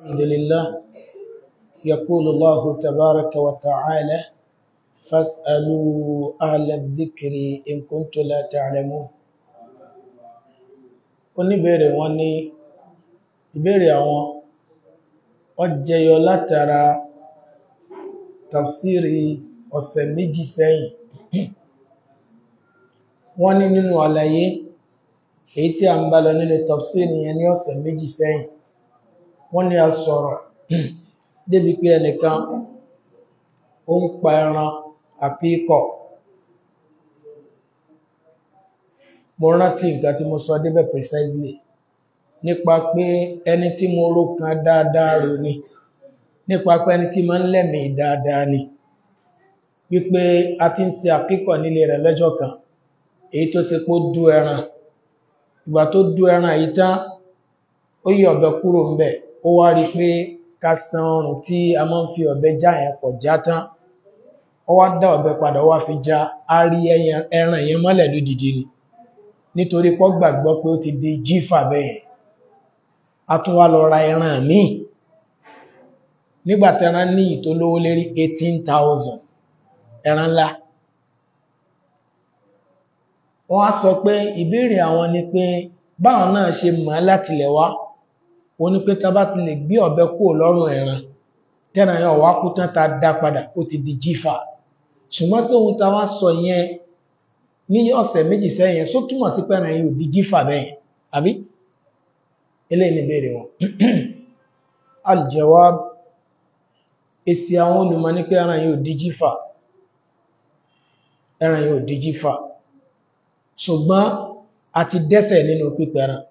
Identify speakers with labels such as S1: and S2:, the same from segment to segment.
S1: الحمد لله يقول الله تبارك وتعالى فاسألوا أهل الذكر إن كنتم لا تعلمون oníbèrè wọn ní ìbéèrè àwọn ó jẹyọ látara tafsiri ọ̀sẹ̀ méjì sẹ́yìn wọ́n ní nínú àlàyé èyí tí a ń bá lọ nínú tafsiri yẹn ní ọ̀sẹ̀ méjì sẹ́yìn wọ́n ni a sọ̀rọ̀ hmm. débi pé ẹnìkan ó ń pa ẹran àpíkọ̀ mo rántí nǹkan tí mo sọ débẹ̀ precisely nípa pé ẹni tí mo rò kan dáadáa rò ni nípa pé ẹni tí ma ń lẹ́mìí dáadáa ni wípé a ti ń ṣe àkíkọ̀ nílé rẹ̀ lọ́jọ́ kan èyí tó ṣe ẹran ìgbà tó ẹran yìí tán ó ó wá rí pé ká san ọrùn tí a máa ń fi ọ̀bẹ já yẹn pọ̀ já tán ó wá dá ọ̀bẹ padà ó wá fi já a rí ẹran yẹn mọ́lẹ̀ lódìdí ni nítorí pọ́ gbàgbọ́ pé ó ti di jífà bẹ́ẹ̀ a tún wá lọ ra ẹran míì nígbàtí ẹran ní ìtolówó lérí 18,000 ẹran ńlá wọ́n á sọ pé ìbéèrè àwọn ni pé báwọn náà ṣe mọ̀ látilẹ̀ wá ó ní pé tán bá ti lè gbé ọ̀bẹ kúrò lọ́rùn ẹran tẹ́ran yẹn ọ̀wá kú tán ta dá padà ó ti di jífà ṣùgbọ́n sí ohun tá wá sọ yẹn ní ọ̀sẹ̀ méjì sẹ́yìn só túmọ̀ sí pé ẹran ò di jífà bẹ́ẹ̀ àbí eléyìí ni béèrè wọn aljawab èsì àwọn olùmọ̀ ní pé ẹran yẹn ò di jífà ẹran yẹn ò di jífà ṣùgbọ́n a ti dẹ́ṣẹ̀ nínú pípẹran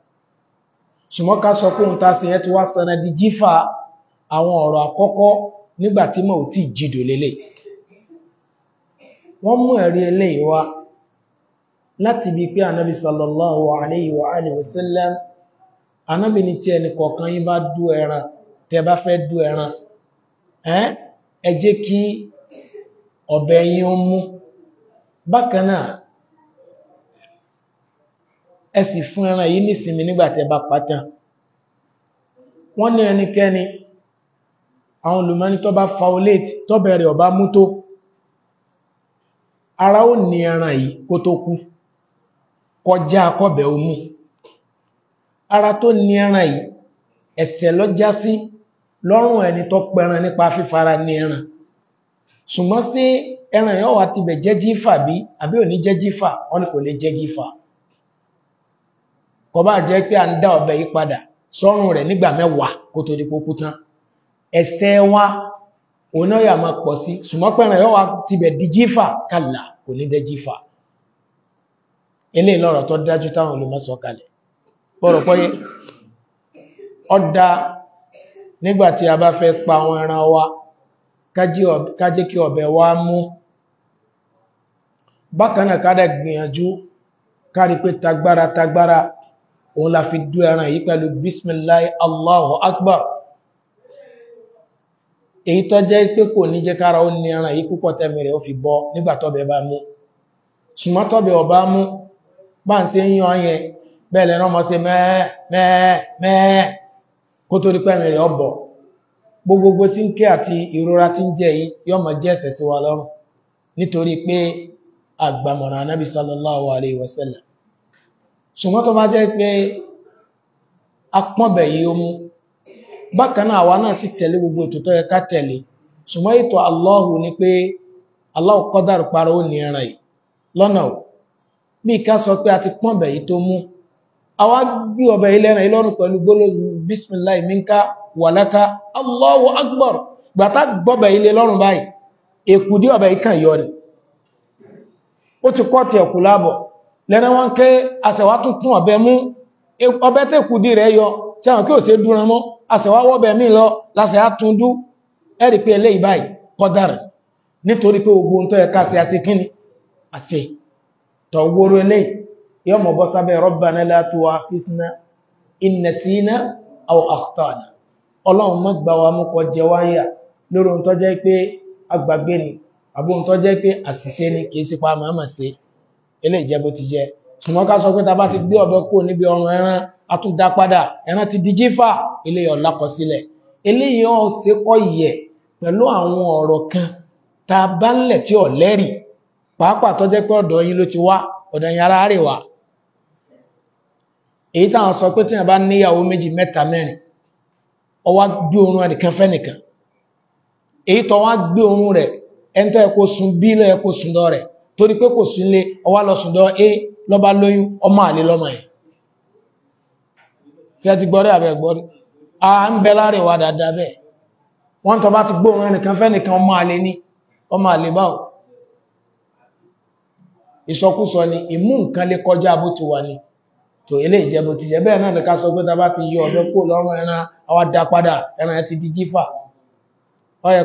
S1: ṣùgbọ́n ká sọ pé òun ta sí ẹ ti wá sanra di jífà àwọn ọ̀rọ̀ àkọ́kọ́ nígbàtí mọ̀ ò tí jìdò lélẹ̀ wọ́n mú ẹ̀rí eléyìí wá láti bí pé anábi sallallahu alayhi wa alihi wa sallam anábi ni tí ẹni kọ̀ọ̀kan yín bá dú ẹ sì fún ẹran yìí nísinmi nígbàtẹ̀ bá pátá wọ́n ní ẹnikẹ́ni àwọn olùmọ́ni tó bá faulate tó bẹ̀rẹ̀ ọba mú tó ara ó ní ẹran yìí kó tó kú kọjá akọ́bẹ̀ omú ara tó ní ẹran yìí ẹ̀ṣẹ̀ lọ já sí lọ́rùn ẹni tó pẹran nípa fífara ní ẹran ṣùgbọ́n sí ẹran yóò wá ti bẹ̀ jẹ́ jífà bí àbí ò ní jẹ́ jífà wọ́n ní kò lè jẹ́ jífà kò bá jẹ́ pé a ń dá ọ̀bẹ yí padà sọ́rùn rẹ̀ nígbà mẹ́wàá kó tó di pópó tán ẹ̀ṣẹ̀ wa oná yà máa pọ̀ sí ṣùgbọ́pẹ̀rẹ̀ yọ́ wa ti bẹ̀ di jífà kàlà kò ní dẹ́ jífà ilé ìlọ́rọ̀ tó dájú táwọn olùmọ́sọ kalẹ̀ bọ́rọ̀ pọ́yé ọ̀dá nígbàtí a bá fẹ́ pa wa mú bákanáà kádà gbìyànjú kárí pé tagbára tagbára òun la fi dú ẹran yìí pẹ̀lú bismillah allahu akbar èyí tó jẹ́ pé kò ní jẹ́ kára ó ní ẹran yìí púpọ̀ tẹ́mì rẹ̀ ó fi bọ́ nígbà bá mú ọba mú bá ń ṣe ń yan bẹ́ẹ̀lẹ̀ rán mọ́ sí mẹ́ẹ̀ mẹ́ẹ̀ mẹ́ẹ̀ kó tó rí pẹ́mì rẹ̀ ọbọ̀ ṣùgbọ́n tó bá jẹ́ pé apọ́bẹ̀ yìí ó mú bákanáà awa náà sì tẹ̀lé gbogbo ètò tó yẹ ká tẹ̀lé ṣùgbọ́n ètò Allahu ni pé Allahu kọ́dàrù parọ́ ní ẹran yìí lọ́nà ò bí sọ pé a ti pọ́bẹ̀ yìí tó mú àwa bí ọbẹ̀ yìí yìí lọ́rùn pẹ̀lú lẹ́nà wọ́n ké àṣẹ̀wá tún kún ọ̀bẹ mú ọbẹ̀ tẹ́ kù dí rẹ̀ yọ tí àwọn kí ò sí dúran mọ́ àṣẹ̀wá wọ́bẹ̀ mí lọ láṣẹ̀á tún dú ẹ̀rì pé ẹlẹ́ ìbáyìí kọ́dàrì nítorí pé ogun ohun agbàgbé ni àbí jẹ́ pé àṣìṣe ni kìí sípa máa máa ilé ìjẹ́bó ti jẹ́ ṣùgbọ́n ká sọ pé ta bá ti gbé ọ̀bẹ kúrò níbi ọrùn ẹran a tún dá padà ẹran ti di jífà ilé ọ̀lákọ sílẹ̀ eléyìí ọ̀ ṣe kọ́ yẹ pẹ̀lú àwọn ọ̀rọ̀ kan ta bá ń lẹ̀ tí ọ̀ lẹ́rì pàápàá tọ́jẹ́ pé ọ̀dọ̀ yín ló ti wá ọ̀dọ̀ yín ara rẹ̀ torí pé kò sí ilé ọwá lọ a lọ́bá lóyún ọmọ àlè lọ́mọ ẹ̀ tí a ti gbọ́rí àbẹ̀ a ń bẹ láàrin dáadáa bẹ́ẹ̀ wọ́n tọ́ bá ti gbóhun ẹnìkan fẹ́nìkan ọmọ àlè ní ọmọ àlè ìsọkúsọ ni ìmú nǹkan lè kọjá bó ti wà ní tò ilé ìjẹbù ti jẹ bẹ́ẹ̀ náà lè sọ pé ti yọ ọ̀dọ́ kó lọ́rùn ẹran ẹran ti di jífà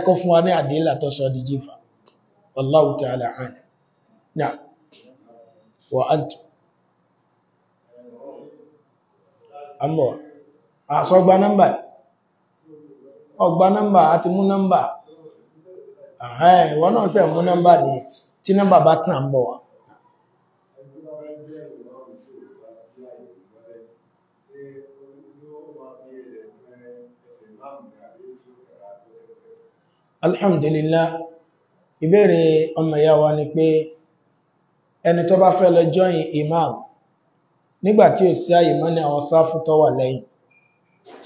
S1: kó fún wa ní di jífà نعم وأنت àmọ́ àsọgbà nọ́mbà ọgbà nọ́mbà àti mú nọ́mbà ààrẹ eh, ìwọ náà sẹ ọ tí nọ́mbà bá tàn bọ̀ alhamdulillah ọmọ wa ni pe ẹni tó bá fẹ́ lọ jọyìn imam nígbàtí ò sí àyè mọ́ ní àwọn sáfù tó wà lẹ́yìn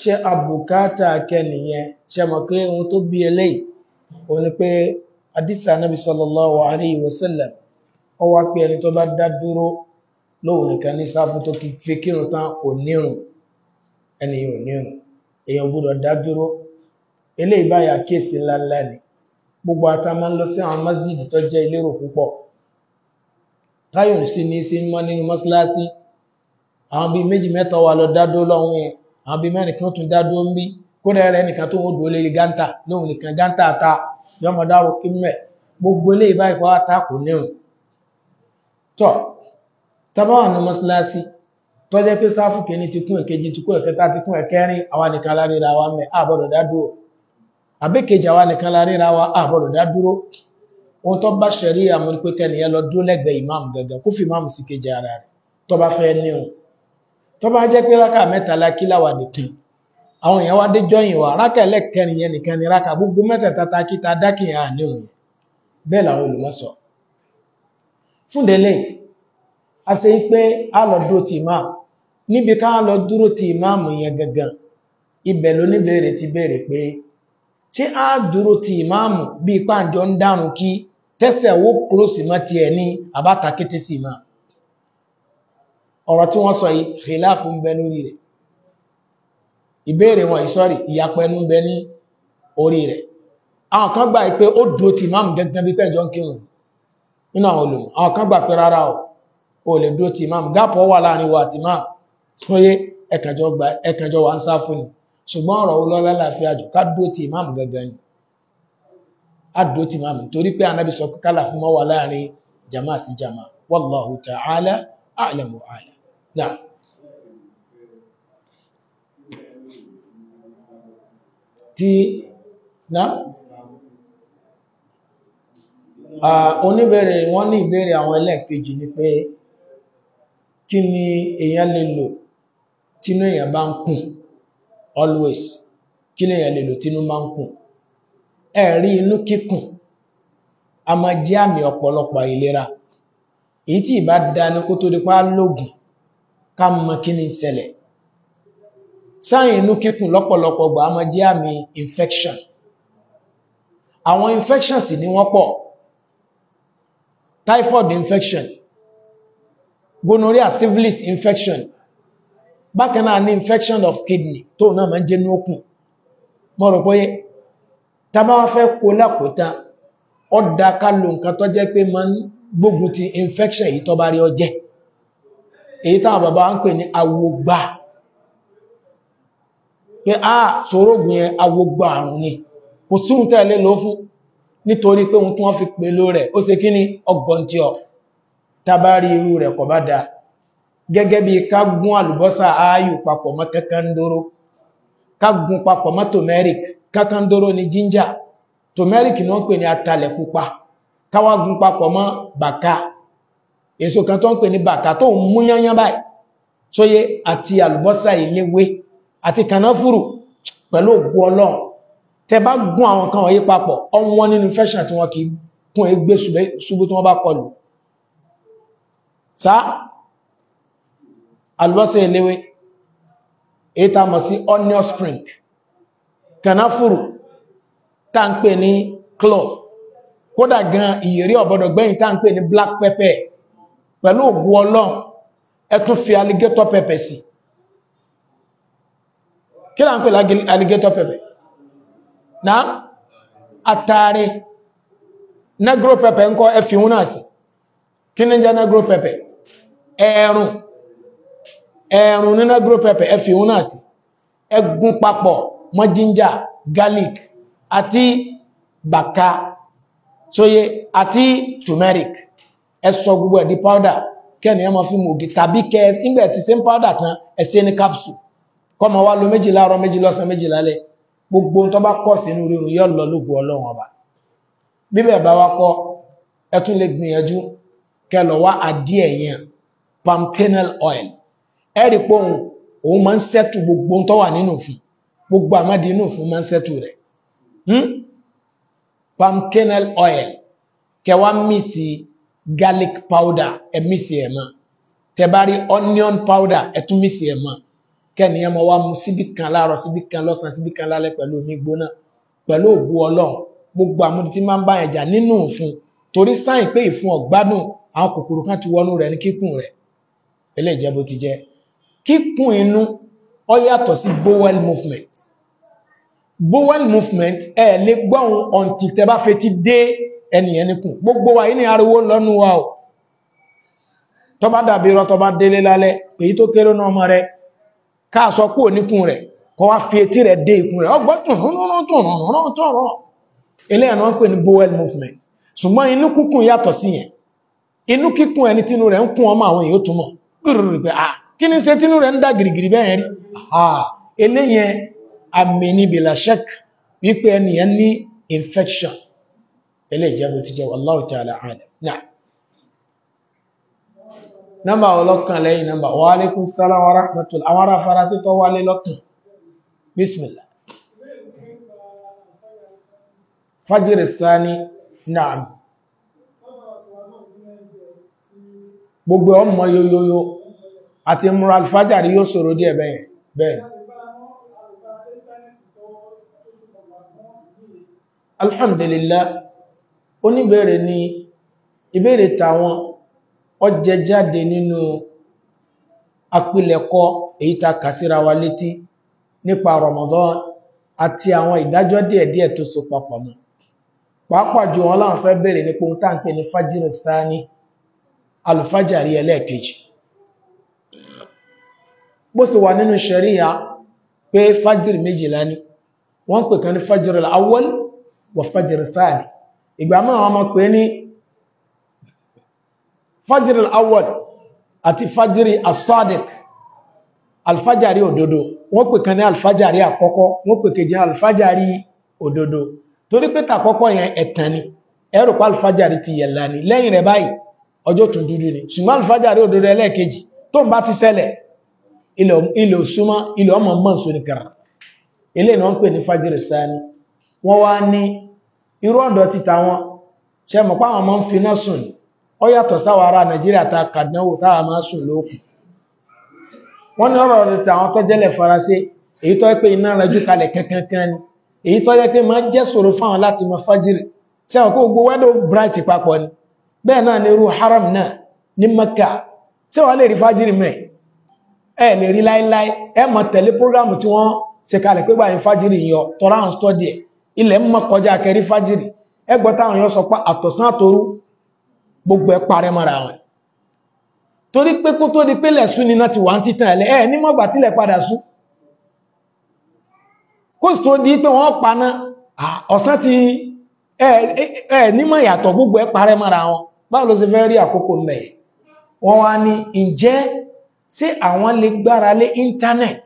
S1: ṣe àbùkátà kẹnìyẹn ṣe mọ̀ pé ohun tó bí eléyìí o ní pé àdísà náà bí sallallahu alayhi wa ó wá pé ẹni tó bá dá dúró ni gbogbo ata máa ń lọ sí àwọn tó táyọ̀ sí ní sí mọ́ nínú mọ́síláṣí àwọn bíi méjì mẹ́ta wà lọ dádó lọ́wọ́ yẹn àwọn bíi mẹ́rin kan tún dádó ń bí kódà rẹ̀ nìkan tó wọ́n dúró lérí gántà lóhun nìkan gántà ta yọmọ dárò kí mẹ́ gbogbo ilé ìbá ìpá ta kò níhun tọ́ tábàwà ní mọ́síláṣí tó jẹ́ pé sáfù kìíní ti kún èkejì ti kún ẹ̀kẹta ti kún ẹ̀kẹrin àwa nìkan láríra wa mẹ́ àbọ̀dọ̀ dádúró àbẹ́kejì àwa nìkan láríra wa àbọ̀dọ̀ dádúró ó tọ́ bá ṣẹ̀rí àmọ́ lọ dúró lẹ́gbẹ̀ẹ́ ìmáàmù gangan kọfị fi si sí kejì ara rẹ̀ tó bá fẹ́ ní o tó bá jẹ́ pé rákà mẹ́tàlá wa rákà ẹlẹ́kẹrin yẹn nìkan ni rákà gbogbo mẹ́tẹ̀ẹ̀ta ta kí ta dákìyàn àní bẹ́ẹ̀ làwọn a ṣe pé a lọ dúró ti níbi ká lọ dúró ti yẹn gangan ibẹ̀ tẹ́sẹ̀ wó kúrò sí mọ́ ti ẹ̀ ní àbáta kété sí máa ọ̀rọ̀ tí wọ́n sọ yìí khilafu ń bẹ lórí rẹ̀ ìbéèrè wọn ìsọ́rì ìyapẹnu ń bẹ ní orí rẹ̀ àwọn kan gbà pé ó dúró ti máàmù gẹ́gẹ́ bí pẹ́jọ ń kírun nínú àwọn olùmọ̀ àwọn kan gbà pé rárá o ò lè dúró ti máàmù gápọ̀ wà láàrin wa àti máàmù tó yé ẹ̀kànjọ wà ń sá fún ni ṣùgbọ́n ọ̀rọ̀ olólálàáfíà jù ká dúró ti máàmù gẹ́gẹ́ ni àdó ti máa mú torí pé anábi sọ kálà fún mọ́wà láàrin jama sí jama wallahu ta'ala a'lamu ala náà tí náà oníbẹ̀rẹ̀ wọ́n ní ìbẹ̀rẹ̀ àwọn ẹlẹ́ẹ̀kejì ni pé kí ni èyàn lè lò tínú èyàn bá ń kùn always kí ni èyàn lè lò tínú bá ń kùn ẹ̀rí inú kíkùn a máa jẹ́ àmì ọ̀pọ̀lọpọ̀ àìlera èyí tí ìbá dání kó tó dípá lógùn ká mọ kí ni ṣẹlẹ̀ sáyìn inú kíkùn lọ́pọ̀lọpọ̀ gbà a máa jẹ́ àmì infection àwọn infections ni wọ́n pọ̀ typhoid infection gonorrhea syphilis infection bákan náà ní infection of kidney tó náà máa ń jẹ́ ní okùn mo rò tàbá wá fẹ́ kó lákòótá ọ̀dà ká lo nǹkan tó jẹ́ pé máa ń gbógun ti infection èyí tó bá rí ọjẹ́ èyí táwọn bàbá ń pè ní awogba pé a sọ́rọ̀gùn yẹn awogba àrùn ni kò sí ohun tẹ́lẹ̀ ló fún nítorí pé ohun tí wọ́n fi pèlò rẹ̀ ó ṣe kí ní ọgbọ̀n tí ọ tàbá rí irú rẹ̀ kò bá dáa gẹ́gẹ́ bí ká gún àlùbọ́sà aáyù papọ̀ mọ́ kẹ́kẹ́ ń dóró ká gun papọ̀ mọ́ turmeric kákándóró ni ginger turmeric ni wọ́n pè ní atalẹ̀ pupa káwá gun papọ̀ mọ́ bàkà èso kan tó ń pè ní bàkà tó ń mú yányán báyìí sóyé àti àlùbọ́sà iléwé àti kànáfùrù pẹ̀lú ògbó ọlọ́run tẹ bá gún àwọn kan wọ̀nyí papọ̀ ọwọ́n nínú fẹ́ṣàn tí wọ́n kì í kún egbé ṣubú tí wọ́n bá kọlù sá àlùbọ́sà iléwé ètà mọ̀ sí onion spring kanáfùrù tá ń pè ní cloth kódà gan ìyèrí ọ̀bọ̀dọ̀ gbẹ̀yìn tá ń pè ní black pepper pẹ̀lú ògùn ọlọ́run ẹ fi alligator pepper sí kí là ń pè alligator pepper na àtàrí negro pepper ń kọ ẹ fi hún náà sí kí ní jẹ́ negro pepper ẹ̀rùn ẹ̀rùn nínú agro pepper ẹ fi òun náà sí ẹ gún papọ̀ mọ́ ginger garlic àti bàkà sóyé àti turmeric ẹ gbogbo ẹ̀ powder kẹ́ni ẹ máa fi mú ògì tàbí kẹ́ẹ̀s nígbà tí same powder tán ẹ ní capsule kọ́ máa wá lo méjì láàárọ̀ méjì lọ́sàn-án méjì lálẹ́ gbogbo tó bá kọ̀ sínú rírun yóò lọ lóògùn ọlọ́run ọba bíbẹ̀ bá wá kọ́ ẹ tún lè gbìyànjú kẹ́ lọ wá palm kernel oil ẹ̀rí pohùn òun máa ń sẹ́tù gbogbo tó wà nínú òfin gbogbo àmọ́dé inú òfin máa ń sẹ́tù rẹ̀ hmm? palm kernel oil kẹwa mísì garlic powder ẹ mísì ẹ mọ onion powder ẹ tún mísì ẹ mọ kẹ́niyàn mọ́ wá mú síbí kan láàárọ̀ síbí kan lọ́sàn síbí kan lálẹ́ pẹ̀lú omi gbóná pẹ̀lú ògbó ọlọ́run gbogbo àmúdi tí máa ń bá ẹ̀jà nínú òfun torí sáìn pé ìfun ọ̀gbádùn àwọn kòkòrò kan ti wọnú rẹ̀ ní kíkùn rẹ̀ eléyìí bó ti jẹ́ kíkún inú ó yàtọ̀ sí bowel movement bowel movement ẹ lè gbọ́hun ọ̀ntì tẹbá fetí dé ẹniyàn nìkún gbogbo wa ní ariwo lọ́nu wa o tó bá dàbí rọ tó bá délé lálẹ́ èyí tó kéré náà ọmọ rẹ káàsọ kú oníkún rẹ kọ wá fi etí rẹ dé ikún rẹ ọgbọ́n tún rán rán tún rán kí ní ṣe tínú rẹ̀ ń dá gìrìgìrì bẹ́ẹ̀ rí eléyẹn àmìní bìlàṣẹ́k wípé ẹniyàn ní infection eléjẹ́bù ti jẹ́ Allahu ta'ala ààlẹ̀ náà nọ́mbà ọlọ́kàn lẹ́yìn nọ́mbà wa alaikum salam wa rahmatul gbogbo ọmọ yoyoyo àti múra alfájàrí yóò sọ̀rọ̀ díẹ̀ bẹ́ẹ̀ bẹ́ẹ̀ alhamdulillah oníbẹ̀rẹ̀ ni ìbéèrè tàwọn ọjẹ jáde nínú apilẹ̀kọ èyí ta kàsíra wa létí nípa Ramadan àti àwọn ìdájọ́ díẹ̀díẹ̀ tó so papọ̀ mọ́ pàápàá jù wọn láwọn fẹ́ bèèrè nípa ohun ń pè ní fájírì sáà ní alùfájàrí ẹlẹ́ẹ̀kejì bó sì wà nínú ṣẹ̀ríyà pé fajir méjìlá ni wọ́n pè kan ní fajir al'awwal wa fajir thani ìgbà máa wọ́n ma pè ní fajir al'awwal àti fajir as-sadiq alfajari òdodo wọ́n pè kan ní alfajari àkọ́kọ́ wọ́n pè kejì alfajari òdodo torí pé tàkọ́kọ́ yẹn ẹ̀tàn ni ẹrù pa alfajari ti yẹ̀lá ni lẹ́yìn rẹ̀ báyìí ọjọ́ tún dúdú ni ṣùgbọ́n alfajari òdodo ẹlẹ́ẹ̀kejì tó ń bá ti ṣẹlẹ̀ ilẹ̀ òsúnmọ́ ilẹ̀ ọmọ mọ́ sọ ní kẹrà ilé ìwọ̀n pè ní fajiri sáni wọ́n wá ní irú ọ̀dọ̀ títà wọn ṣe mọ̀ páwọn mọ́ ń fi náà sùn ó yàtọ̀ sáwọn ará Nàìjíríà ta kàdánwò táwà máa sùn lókù wọ́n ní ọ̀rọ̀ títà wọn tó jẹ́lẹ̀ Faransé èyí tó pé iná rẹjú kalẹ̀ kankankan ni èyí tó jẹ́ pé máa jẹ́ ṣòro fáwọn láti mọ fajiri ṣe mọ̀ pé gbogbo wẹ́dọ̀ bright papọ̀ ni bẹ́ẹ̀ náà ni irú haram náà ní Mẹ́kà ṣé wọ́n lè rí fajiri mẹ́ẹ̀ ẹ̀ lè rí láíláí ẹ mọ̀ tẹ̀lé prógrámù tí wọ́n ṣe kalẹ̀ pé báyìí fájìrì yọ tọ́ra àwọn ẹ̀ ilẹ̀ kọjá kẹrí fájìrì ẹ gbọ́ táwọn sọ àtọ̀sán gbogbo ẹ parẹ́ wọn torí pé kó di pé ni náà ti wà ń títàn ẹ̀lẹ́ ẹ̀ ní padà sú kó sì di pé wọ́n paná ọ̀sán ti ìyàtọ̀ gbogbo ṣé àwọn lè gbára lé internet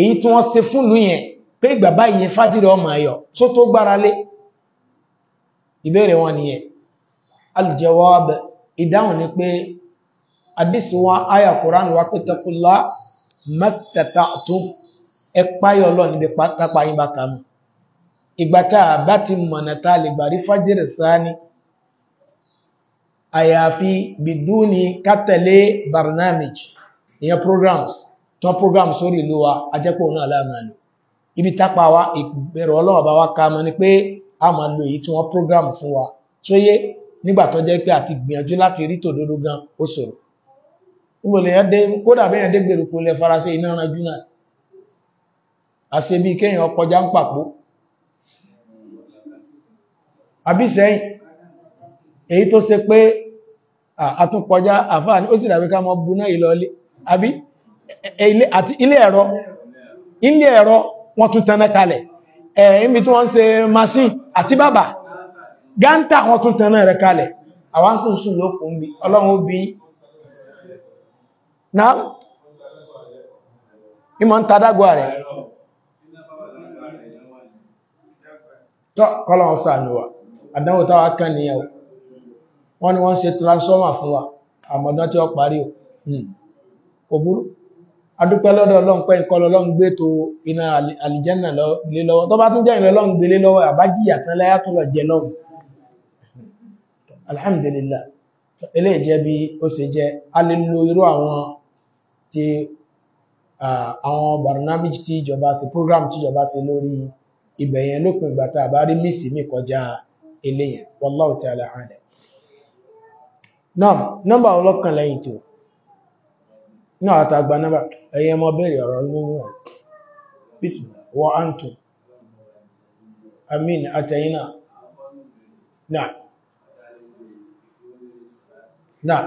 S1: èyí tí wọ́n ṣe fún lúyẹn pé ìgbàbá ìyẹn fátìrí ọmọ ẹ̀yọ̀ tó tó gbára lé ìbéèrè wọn nìyẹn al-jawab ìdáhùn ni pé àdísì wa àyà Qur'an wa pé taqullah mastata'tum ẹ páyọ lọ níbi pátápá yín bá kà mú barnamij ìyẹn programs tán programs sórí ìlú wa ajẹ́pọ̀ náà láàmà lò ibi tápa wa ìbẹ̀rẹ̀ ọlọ́wọ́ wa ká mọ́ ni pé a máa lo èyí tí wọ́n program fún wa tó yé nígbà tó jẹ́ pé àti gbìyànjú láti rí tòdodo gan ó ṣòro níbo lè yẹn dé kódà bẹ́ẹ̀ yẹn dé gbèrúkú lẹ faransé iná ranjú náà àṣe bí kéèyàn kọjá ń pàpó àbí èyí tó ṣe pé àtúnkọjá àfáà ó sì dàbí ká mọ buná ìlọlé àbí e, e, àti ilé ẹ̀rọ ilé ẹ̀rọ wọ́n tún kalẹ̀ ẹ̀ẹ́mí tí wọ́n ń masin àti bàbà gántà wọ́n tún rẹ̀ kalẹ̀ àwọn sùn sùn lókùn bí ọlọ́run bí náà ìmọ̀ ń tadágbà rẹ̀ tọ́ kọ́lọ̀wọ́n ni wọ́n ṣe transformer fún wa àmọ̀dán tí ó parí kò burú adúpẹ́ lọ́dọ̀ ọlọ́run pé nǹkan ọlọ́run gbé tó iná àlìjẹ́nà lé lọ́wọ́ tó bá tún jẹ́ ìrẹ́ ọlọ́run gbélé lọ́wọ́ àbájíyà tán láyá tún lọ jẹ lọ́run alhamdulillah ilé ìjẹ́ bí ó ṣe jẹ́ a lè lo irú àwọn ti àwọn barnamij tí ìjọba ṣe program tí nọ́mbà ọlọ́kan lẹ́yìn tó 0244 náà àtàgbà náà ẹ̀yẹ mọ́ bẹ̀rẹ̀ ọ̀rọ̀ nínú ẹ̀ bismillah wa antum amin àtẹ̀yìnà náà náà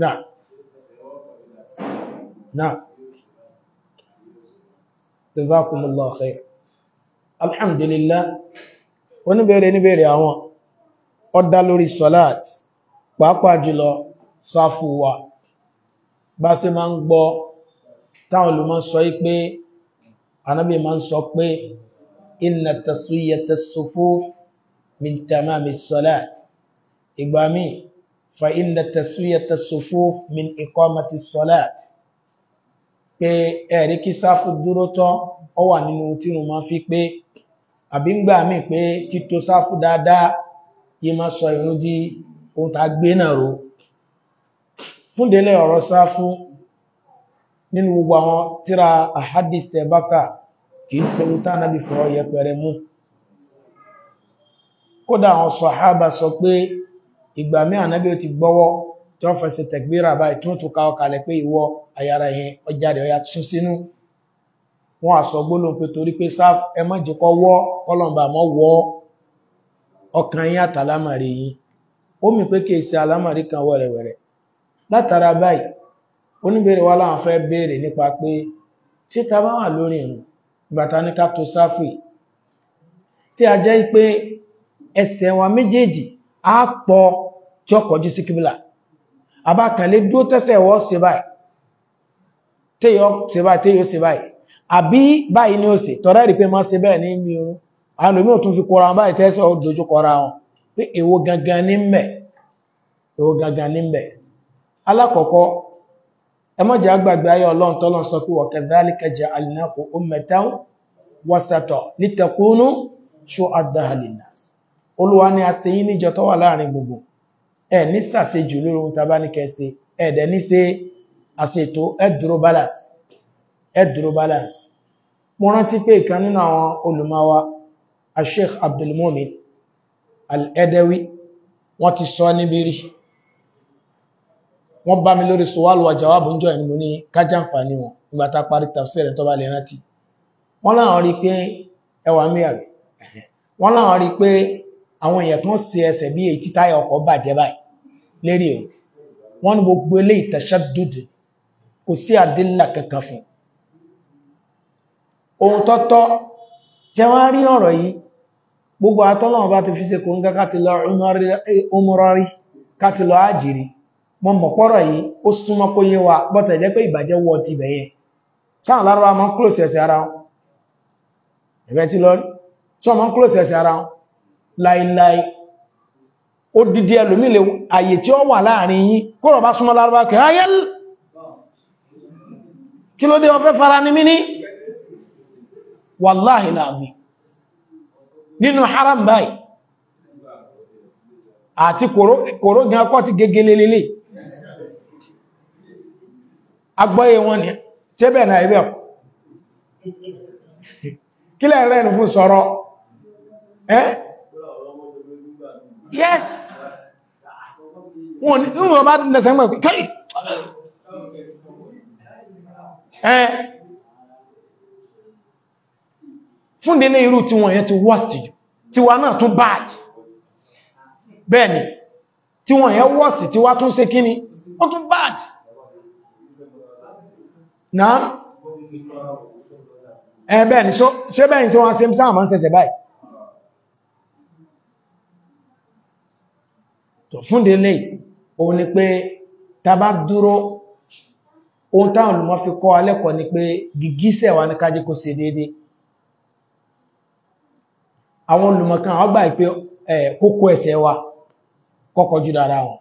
S1: náà náà jazakumullahu khair alhamdulillah wọ́n bẹ̀rẹ̀ ní bẹ̀rẹ̀ àwọn ọ̀dá lórí salat pàápàá jùlọ sáfù bá ṣe máa ń gbọ́ táwọn olùmọ̀ sọ pé anábì máa ń sọ pé inna taswiyata sufuf min tamami salat ìgbà míì fa inna taswiyata sufuf min iqamati salat pé ẹ̀rí kí sáfù dúró tọ́ ọ wà nínú tí wọ́n máa fi pé àbí ń gbà míì pé títò sáfù dáadáa yìí máa sọ ìrun di ohun tá náà ro fúndélé ọ̀rọ̀ sáfú nínú gbogbo àwọn tíra ahadis tẹbákà kìí sẹ́wú tánàbí fọ́ yẹpẹrẹ mú kódà àwọn sọ̀hábà sọ pé ìgbà mẹ́ ànábí ó ti gbọ́wọ́ tí wọ́n fẹsẹ̀ tẹ̀gbéra báyìí tó tó ká ọkàlẹ̀ pé ayára ọya tún sínú wọ́n àsọ pé torí pé sáf wọ́ kọlọ̀mbà mọ́ wọ́ ọkàn yín àtàlámàrí yìí ó mì pé kèèsì alámàrí kan látara báyìí oníbèrè wa láwọn fẹ́ béèrè nípa pé tí ta bá wà lórí ìrùn ìgbàta ní ká tó sáfù tí a jẹ́ pé ẹsẹ̀ wa méjèèjì á pọ̀ tí ó kọjú sí kíbílà abákanlé dúó tẹ́sẹ̀ wọ́ ṣe báyìí téyọ́ ṣe báyìí àbí báyìí ni ó ṣe tọ́rẹ́ rí pé má ṣe bẹ́ẹ̀ ní mi irun àwọn olómi ò tún fi kọra wọn báyìí tẹ́sẹ̀ ó dojú kọra wọn pé èwo gangan ní mbẹ̀ alákọ̀ọ́kọ́ ẹmọ́jẹ́ agbàgbé ayé ọlọ́run tọ́lọ́n sọ pé wa kadhalika ja'alnakum ummatan wasata litakunu shuhada'a alinnas olúwa ni a ṣe yín níjọ tó wà láàrin gbogbo ẹ ní sàṣe jù lórí tàbá ní kẹsẹ ẹ̀dẹ̀ ní ṣe àṣètò ẹ̀dúró balance ẹ̀dúró balance mo rántí pé ìkan Al-Adawi wọ́n ti sọ níbi rí wọ́n bá mi lórí sọ́wálù àjàwábù ń jọ ẹni mo ní kájàǹfààní wọn nígbà tá a parí tafsir tó bá lè rántí wọ́n láwọn rí pé ẹwà mí àbí wọ́n láwọn rí pé àwọn èèyàn kan ṣe ẹsẹ̀ bí èyí táyà ọkọ̀ bàjẹ́ báyìí lérí o wọ́n ní gbogbo eléyìí tashaddud kò sí àdínlà kankan fún ohun tọ́tọ́ jẹ́ wá rí ọ̀rọ̀ yìí gbogbo àtọ́lọ́wọ́n bá ti fi ṣe kò ń gá lọ mọ́ mọ̀ pọ́rọ̀ yìí ó súnmọ́ kó yé wa bọ́tẹ̀ jẹ́ pé ìbàjẹ́ wọ́ ti bẹ̀yẹn sáwọn lárọ́ ma ń close ẹ̀sẹ̀ ara wọn ẹ̀fẹ́ tí lọ́rí sọ ma ń close ẹ̀sẹ̀ ara wọn láìláì ó dídí ẹlòmí lè àyè tí ó wà láàrin yín kọ́rọ̀ bá súnmọ́ lárọ́ bá kẹ́ ayẹ́l kí ló dé ó fẹ́ fara ní àti kòrógin akọ́ ti gẹ́gẹ́lélélé agbọ́yé wọn ni ṣe bẹ̀ náà ibẹ̀ kí lẹ́ rẹ̀ fún sọ̀rọ̀ ẹ́ yes wọn ni wọn bá nẹ̀sẹ̀ mọ̀ kẹ́lì ẹ́ fún dé ní irú tí wọ́n yẹn ti worst jù tí wà náà tún bad bẹ́ẹ̀ni tí wọ́n yẹn worst tí wà tún ṣe kíní wọ́n tún bad naa ẹ̀bẹ̀ nso ṣe nso sí wọn Simpson ma ń sẹsẹ̀ báyìí tó fúnde lè òun ni pé tàbá dúró ohun táwọn olùmọ́ fi kọ́ alẹ́kọ̀ọ́ ni pé gìgísẹ̀ wà ní kájí kó ṣe déédé àwọn olùmọ̀ kan àwọn gbà eh, kókó ẹsẹ̀ wa kọ́kọ́ jù dára wọn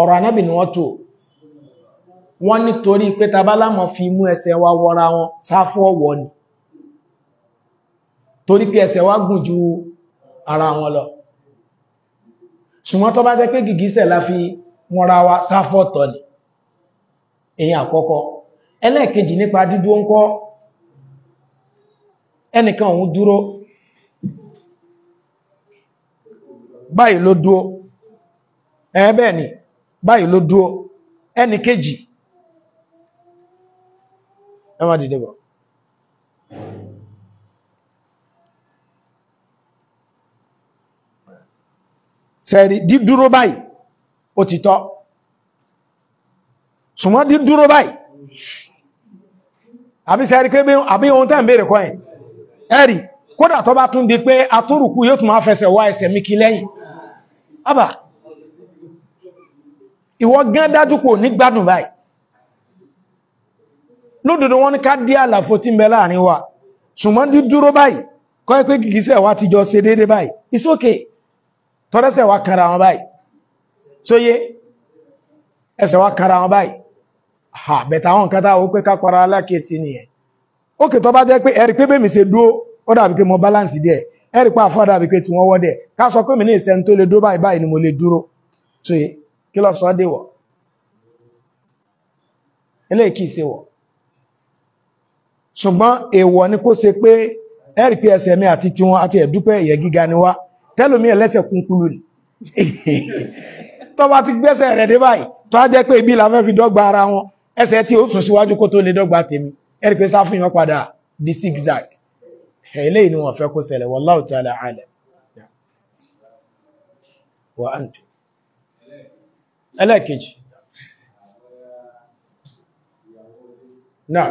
S1: ọ̀rọ̀ anábì ni wọ́n tó wọ́n nítorí pé tabalámọ̀ fi mú ẹsẹ̀ wa wọra wọn sáfọ́ ọ̀wọ́ ni torí pé ẹsẹ̀ wa gùn ju ara wọn lọ ṣùgbọ́n tó bá jẹ́ pé gìgísẹ̀ la fi wọra wa sáfọ́ tọ̀ ni èyí àkọ́kọ́ ẹlẹ́ẹ̀kejì nípa dídúró ń ẹnìkan òun dúró báyìí ló dúó ẹ̀ẹ́bẹ̀ báyìí ló dúó ẹnìkejì ẹ má dìde bọ̀ sẹ́rí dídúró báyìí ó ti tọ́ ṣùgbọ́n dídúró báyìí àbí sẹ́rí pé àbí ohun tẹ́ ń bèèrè kọ́ ẹ̀ ẹ̀rì kódà tó bá tún di pé atúrùkú yóò tún máa fẹsẹ̀ wá ẹsẹ̀ mi lẹ́yìn àbà ìwọ gán dájú ní gbádùn báyìí lódodo wọn ní ká dí àlàfo tí ń bẹ láàrin wa ṣùgbọ́n dídúró báyìí kọ́ ẹ pé gìgísẹ̀ wa ti jọ ṣe déédé báyìí it's okay tọ́lẹ́sẹ̀ wa kanra wọn báyìí sóyé ẹsẹ̀ wa kanra wọn báyìí ha bẹ̀tà àwọn nǹkan táwọn pé ká para alákèésí nìyẹn ókè tó bá jẹ́ pé ẹ̀rí pé bẹ́ẹ̀ ṣe dúó ó dàbí pé mo balance díẹ̀ ẹ̀rí pé àfọ́ dàbí pé tí wọ́n wọ́dẹ̀ ká sọ pé mi ní ìṣẹ́ni tó lè dúró báyìí báyìí ni mo lè dúró sóyé kí lọ sọ dé wọ̀ eléyìí kì í ṣe wọ̀ ṣùgbọ́n èèwọ̀ ni kó ṣe pé ẹ̀rìpí ẹsẹ̀ mi àti tiwọn àti ẹ̀dúpẹ́ ẹ̀yẹ gíga ni wá tẹ́lómi ẹlẹ́sẹ̀ kúnkúlù ni tó bá ti gbẹ́sẹ̀ rẹ̀ dé báyìí tó á jẹ́ pé ibi la fẹ́ fi dọ́gba ara wọn ẹsẹ̀ tí ó sùn síwájú kó tó lè dọ́gba tèmi ẹ̀rìpí sáfihàn padà di zigzag eléyìí ni wọ́n fẹ́ kó ṣẹlẹ̀ wallahu ta'ala alam wa antum ẹlẹ́ẹ̀kejì náà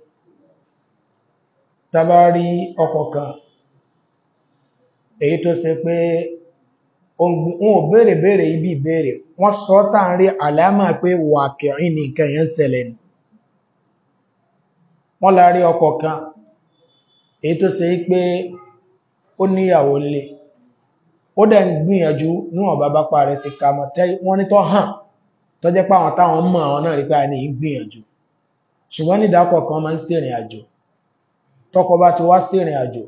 S1: tàbá rí ọkọ̀ kan èyí tó se pé wọn ò bèèrè bèèrè ibi ìbéèrè wọ́n sọ tàn rí àlámà pé wàkìrín ní nǹkan yẹn ṣẹlẹ̀ wọ́n la rí kan èyí tó ṣe pé ó níyàwó lè ó dẹ̀ gbìyànjú níwọ̀n bàbá tọ́kọ bá ti wá sí ìrìn àjò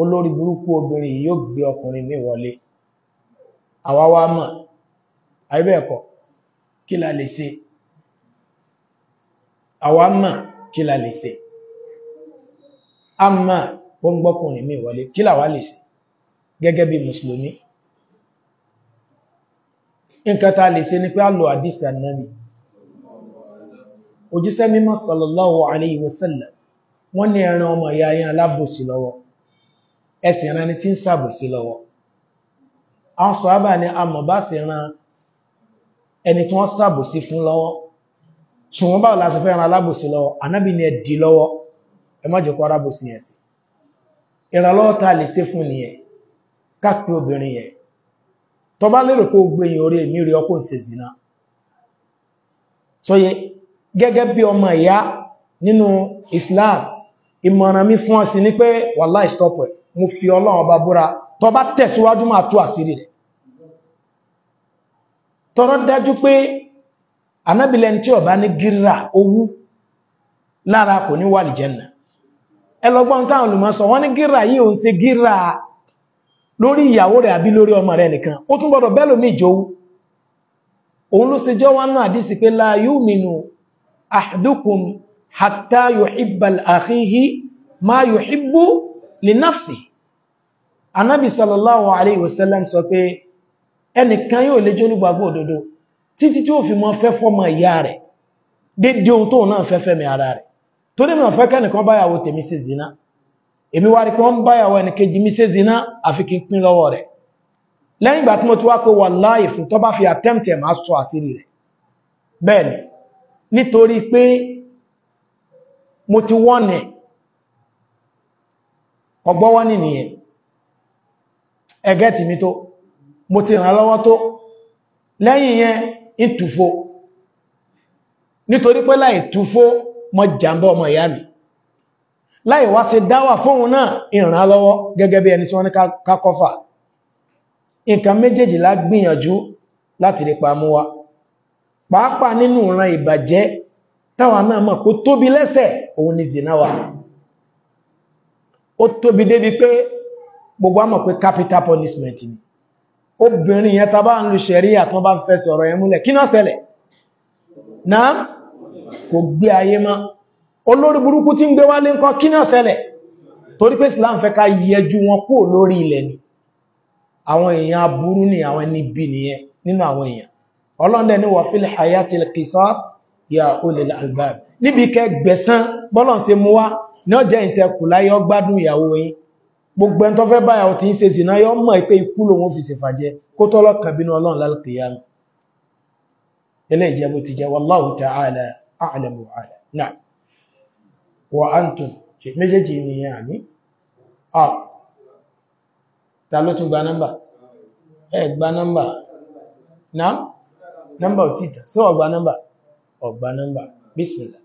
S1: olórí burúkú obìnrin yìí yóò gbé ọkùnrin ní wọlé àwa wá mọ̀ àìbẹ́ẹ̀kọ́ kí la lè ṣe àwa mọ̀ kí la lè ṣe a mọ̀ ó ń gbọ́kùnrin ní wọlé kí làwa lè ṣe gẹ́gẹ́ bí mùsùlùmí nǹkan ta lè ṣe ni pé a lo àdísì ànábì òjíṣẹ́ mímọ́ sallallahu alayhi wọ́n ní ẹran ọmọ ìyá yẹn alábòsí lọ́wọ́ ẹsìn ẹran ni tí ń sàbòsí lọ́wọ́ àwọn sọ̀hábà ni a mọ̀ bá sì ran ẹni tí wọ́n sàbòsí fún lọ́wọ́ ṣùgbọ́n báwo la ṣe fẹ́ ran alábòsí lọ́wọ́ ànábì ni ẹ dì lọ́wọ́ ẹ má jẹ́ kó alábòsí yẹn sí ìrànlọ́wọ́ ta lè ṣe fún nìyẹn kápẹ́ obìnrin yẹn tó bá lérò pé gbé èyàn orí èmì rí ọkùn ṣe zina sọye gẹ́gẹ́ bí ọmọ ìyá nínú Islam ìmọ̀ràn mi fún ọsí ní pé wallahi stop ẹ̀ mo fi ọlọ́run ọba búra tó bá tẹ̀síwájú máa tú àṣírí rẹ̀ tọrọ dájú pé anábìlẹ̀ tí ọba ní gírà owú lára kò ní wà lí jánnà ẹlọgbọ́n táwọn olùmọ̀ sọ wọ́n ní gírà yìí ò ń ṣe gírà lórí ìyàwó rẹ̀ àbí lórí ọmọ rẹ̀ nìkan ó tún gbọ́dọ̀ bẹ́lòmí ìjòwú òun ló ṣe jọ́ wánú àdísì pé la yúmínú ahdukum hatta yuhibba al-akhihi ma yuhibbu li nafsi anábì sallallahu alayhi wa sallam sọ pé ẹnìkan yóò lè jẹ́ olùgbàgbọ́ òdodo títí tí ó fi mọ́ fẹ́ fọ́mọ ìyá rẹ̀ dédé ohun tóun náà fẹ́ fẹ́mi ara rẹ̀ tó ní mọ̀ fẹ́ kẹ́nìkan báyàwó tèmi ṣe zina èmi wá rí pé wọ́n báyàwó ẹnìkejì mi ṣe zina àfi kí n pín lọ́wọ́ lẹ́yìn ìgbà tí mo ti wá pé wallahi fún tó bá fi attempt ẹ̀ máa sọ àṣírí rẹ̀ bẹ́ẹ̀ ni nítorí pé mo ti wọ́n nẹ̀ ọgbọ́ wọ́n ní nìyẹn ẹgẹ́ tì mí tó mo ti ràn lọ́wọ́ tó lẹ́yìn yẹn ìtùfó nítorí pé láì túfó mọ jàmbá ọmọ ìyá mi láì wá ṣe dáwà fóun náà ìràn lọ́wọ́ gẹ́gẹ́ bí ẹni tí wọ́n ní kákọ́fà nǹkan méjèèjì la láti rí pa mú wa pàápàá nínú ìran ìbàjẹ́ táwa náà mọ̀ kó tóbi lẹ́sẹ̀ òun ni ó tóbi débi pé gbogbo àmọ̀ pé capital punishment ni obìnrin yẹn tàbá ń lu ṣẹ̀rí àtún bá fẹ́ sọ̀rọ̀ yẹn múlẹ̀ kí náà sẹlẹ̀ náà kò gbé ayé má olórí burúkú tí ń gbé ni àwọn èèyàn aburú ni àwọn ẹni bí nìyẹn nínú àwọn èèyàn ni wà fil hayatil qisas ya ulil albab níbi kẹ gbẹ̀sán bọ́lọ̀n ṣe mú wá ní ọjẹ́ ìtẹkù láyé ọgbádùn ìyàwó yín gbogbo ẹn tó fẹ́ báyàwó tí ń ṣe zìnà yọ mọ̀ pé ikú lòun fi ṣèfàjẹ kó tọ́lọ́ kàbínú ọlọ́run lálùkìyàmù ilé ìjẹ́bù ti jẹ́ wallahu ta'ala a'lamu ala náà wa antum méjèèjì ènìyàn àní ọ̀ ta ló tún gba nọ́mbà ẹ gba nọ́mbà náà ọgbà nọ́mbà bísmìlá